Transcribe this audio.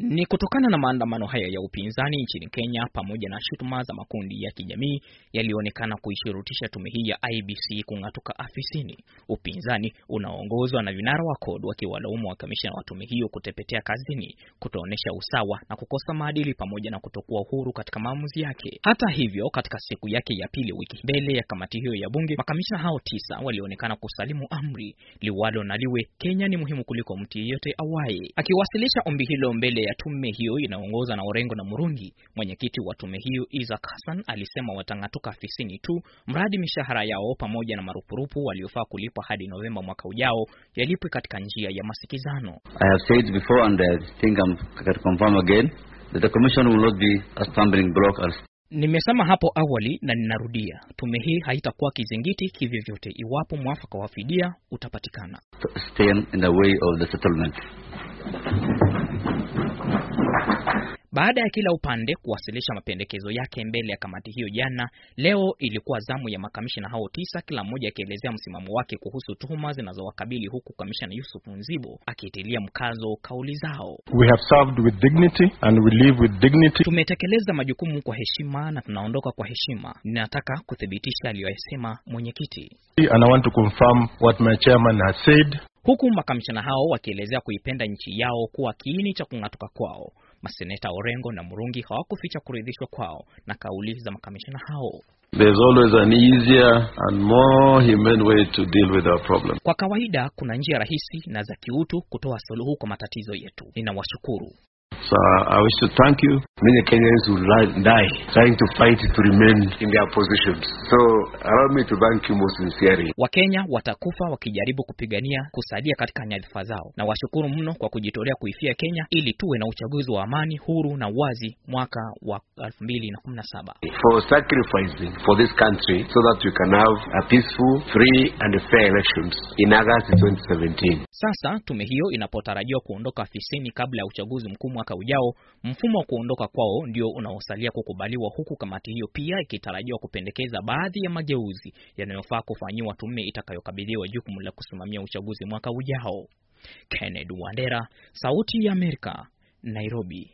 Ni kutokana na maandamano haya ya upinzani nchini Kenya pamoja na shutuma za makundi ya kijamii yaliyoonekana kuishurutisha tume hii ya IBC kung'atuka afisini, upinzani unaoongozwa na vinara wa CORD wakiwalaumu wakamishina wa tume hiyo kutepetea kazini, kutoonyesha usawa na kukosa maadili pamoja na kutokuwa uhuru katika maamuzi yake. Hata hivyo, katika siku yake ya pili wiki mbele ya kamati hiyo ya bunge, makamishina hao tisa walionekana kusalimu amri liwalo na liwe, Kenya ni muhimu kuliko mtu yeyote awaye. Akiwasilisha ombi hilo mbele ya tume hiyo inaongozwa na Orengo na Murungi, mwenyekiti wa tume hiyo Isaac Hassan alisema watang'atuka afisini tu mradi mishahara yao pamoja na marupurupu waliofaa kulipwa hadi Novemba mwaka ujao yalipwe katika njia ya masikizano. I have said before and I think I'm confirm again that the commission will not be a stumbling block or Nimesema hapo awali na ninarudia, tume hii haitakuwa kizingiti kivyovyote iwapo mwafaka wa fidia utapatikana. Baada ya kila upande kuwasilisha mapendekezo yake mbele ya kamati hiyo jana, leo ilikuwa zamu ya makamishina hao tisa, kila mmoja akielezea msimamo wake kuhusu tuhuma zinazowakabili, huku kamishna Yusuf Nzibo akiitilia mkazo kauli zao. We have served with dignity and we live with dignity. Tumetekeleza majukumu kwa heshima na tunaondoka kwa heshima. Ninataka kuthibitisha aliyoyasema mwenyekiti. And I want to confirm what my chairman has said. Huku makamishina hao wakielezea kuipenda nchi yao kuwa kiini cha kung'atuka kwao. Maseneta Orengo na Murungi hawakuficha kuridhishwa kwao na kauli za makamishina hao. There's always an easier and more human way to deal with our problem. Kwa kawaida kuna njia rahisi na za kiutu kutoa suluhu kwa matatizo yetu. Ninawashukuru. So I wish to thank you. Many Kenyans will lie, die trying to fight to remain in their positions. So allow me to thank you most sincerely. Wakenya watakufa wakijaribu kupigania kusaidia katika nyadhifa zao, na washukuru mno kwa kujitolea kuifia Kenya ili tuwe na uchaguzi wa amani, huru na wazi mwaka wa 2017. For sacrificing for this country so that we can have a peaceful, free and fair elections in August 2017. Sasa tume hiyo inapotarajiwa kuondoka afisini kabla ya uchaguzi mkuu mwaka ujao, mfumo wa kuondoka kwao ndio unaosalia kukubaliwa, huku kamati hiyo pia ikitarajiwa kupendekeza baadhi ya mageuzi yanayofaa kufanyiwa tume itakayokabidhiwa jukumu la kusimamia uchaguzi mwaka ujao. Kenneth Wandera, Sauti ya Amerika, Nairobi.